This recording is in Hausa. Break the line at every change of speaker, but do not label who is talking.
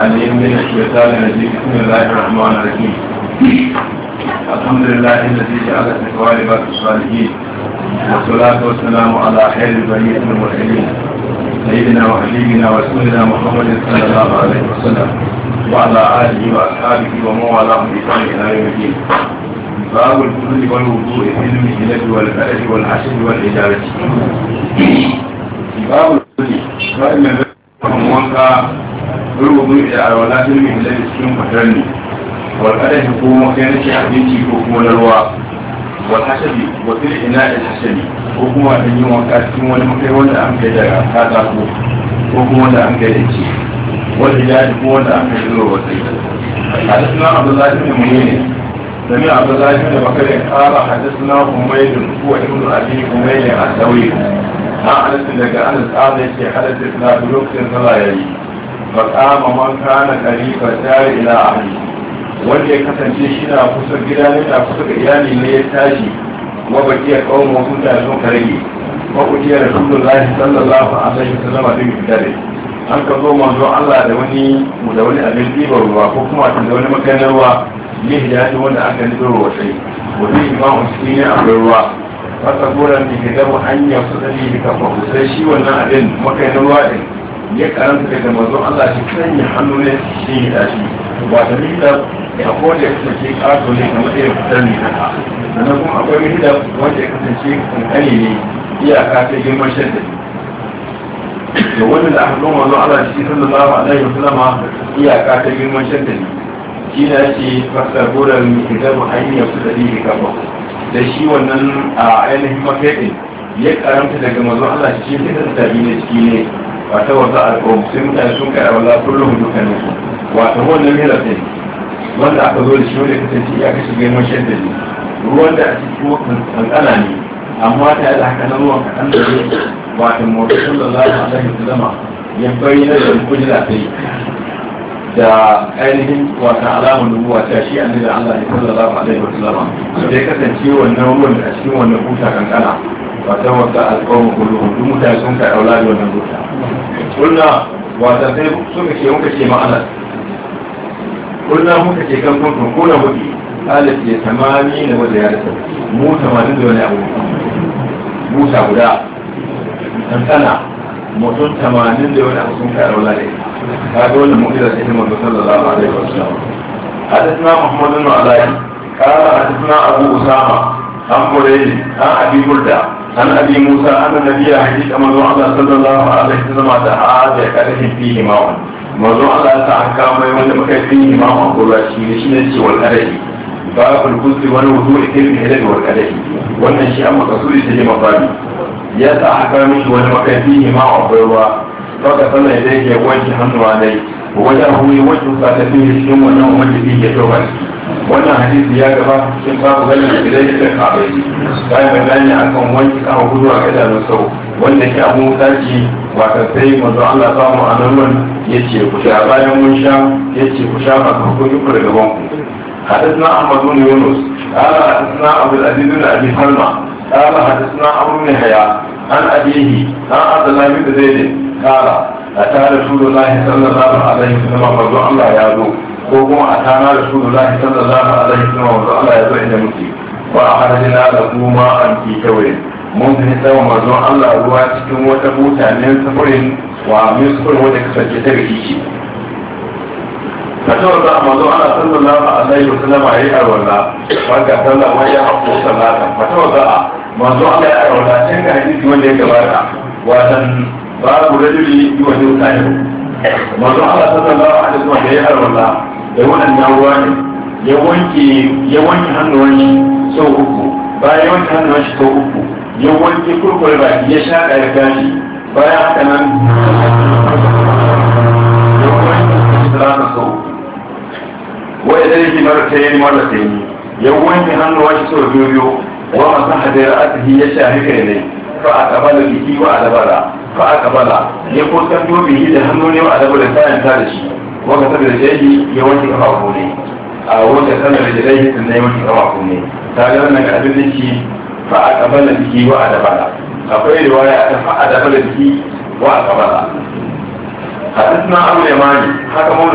عليم من الشيطان الرجيم بسم الله الرحمن الرحيم الحمد لله الذي جعل التقوى لباس الصالحين والصلاة والسلام على خير البرية المرسلين سيدنا وحبيبنا ورسولنا محمد صلى الله عليه وسلم وعلى آله وأصحابه ومن والاه بإحسان إلى يوم الدين باب الفضل والوضوء في المهلة والفأج والعشر والإجابة باب الفضل قائما بهم وانكا بالwudu da alwala ta min da cikin kwatarni wal qadahi ko makayan ci abinci ko kuma na ruwa wal hasabi wa fil ina'i hasabi ko kuma da yin wanka cikin wani makai wanda an kai daga kata ko ko kuma wanda an kai da ci wal hijabi ko wanda an kai zuwa wata حدثنا عبد الله بن معين سمع عبد الله بن بكر قال حدثنا حميد هو ابن ابي حميد الدويل عن انس لك انس قال يشي حدث لا بلوك صلى الله عليه faƙama man kana ƙarifa tare ila ahli wanda ya kasance shi na kusa gida ne na kusa ga iyali ne ya tashi wa baki ya kawo wasu da sun karege wa kuji ya rasulullahi sallallahu alaihi wasallam a cikin dare an ka zo manzo Allah da wani da wani abin ɗibar ruwa ko kuma a da wani maganar ruwa ne hidayatin wanda aka ɗibar ruwa sai wani imamu cikin ne akwai ruwa wata goran da ke gama hanyar su ɗari da kafa sai shi wannan abin makainin ruwa ɗin ya karanta daga mazo Allah shi kan yi hannu ne shi yi dashi ba ta mihidab a kowace ya kasance ƙato ne kamar irin fitar ne haka sannan kuma akwai mihidab wanda ya kasance kankani ne iyaka ta girman shadda da wannan da aka zo mazon Allah shi sallallahu alaihi wa sallama iyaka ta girman shadda ne shi na ce fasar buran mihidab hanyar su da ɗi kafa da shi wannan a ainihin mafaɗin ya karanta daga mazo Allah shi ne da ne ciki ne wata wata alƙawar sai mutane sun kai abala kullum dukkanin su wata wannan mera ta yi wanda aka zo da shi wanda kasance ya kashe girman shadda ne ruwan da a cikin wakan kankana ne amma ta yi da haka na ruwan kaɗan da ne wata mota sallallahu alaihi zama ya bayyana da kujira ta yi da ainihin wata alamar nubuwa ta shi an da Allah ya sallallahu alaihi wasallama sai kasance wannan ruwan da a cikin wannan buta kankana wata wata alƙawarin kullum duk mutane sun kai aula da wannan buta kulna wata sai suka ce muka ce ma'ana kulna muka ce kan kuntum ko na muke alif ya tamami na wanda ya rasa mu tamanin da wani abu buta guda tantana mutum tamanin da wani abu sun kai rawla ne kaga wannan mu'jiza ce ta manzo sallallahu alaihi wasallam حدثنا محمد بن علاء قال abu ابو اسامه عن ne, an ابي برده عن ابي موسى ان النبي حديث امر الله صلى الله عليه وسلم على هذا كره فيه ما هو موضوع على تعكا ما يمد مكاتبه ما هو قول شيء شيء شيء والكره باب الكذب والوضوء كلمه هلك والكره وان شيء امر رسول الله صلى الله عليه وسلم يا ما يمد مكاتبه ما هو قول فقد فما يديه وجه هم عليه وجهه وجه فاتته شيء ونوم به يتوبه wannan hadisi ya gaba cikin babu ganin gidan da kabai ta yi bayani a kan wanki kama gudu a gada da sau wanda ke abu mutaki wata sai manzo Allah samu a nan man ya ce ku sha bayan mun sha ya ce ku sha ba ku kun yi ku daga banku حدثنا أحمد بن يونس قال حدثنا عبد العزيز بن أبي سلمى قال حدثنا عمرو بن حياء عن أبيه عن عبد الله بن زيد قال أتى رسول الله صلى الله عليه وسلم رضي ya zo. ko kuma a tana da su da sallallahu alaihi wasallam wanzu Allah ya zo inda muke ba a harjina da kuma an ki kawai mun fi tsawon mazon Allah ruwa cikin wata mutanen safarin wa min sufurin wata kasance ta rikici a cewa za a mazo ana sallallahu alaihi wa sallam a yi arwala wanda sallah ma ya haƙo sallata a cewa za a mazo ana yi arwala can ga hadisi wanda ya gabata watan babu rajuli yi wani mutane mazo ana sallallahu alaihi wa sallam da ya arwala da waɗannan ruwa ne ya wanke ya wanke hannuwan shi sau uku bayan ya wanke hannuwan shi sau uku ya wanke kurkure ba ya sha ɗaya gashi bayan haka nan ya wanke sau ya wanke hannuwan shi sau biyu biyu wa ya sha ne fa wa fa ya da hannu ne wa da shi وكسر رجليه يوجه كفافونه وكسر رجليه sannan ya wanke kafafune ta ga wannan ga abin da ke fa a kabala biki wa a dabala akwai riwaya ta fa a dabala biki wa a kabala حدثنا أبو اليماني حكم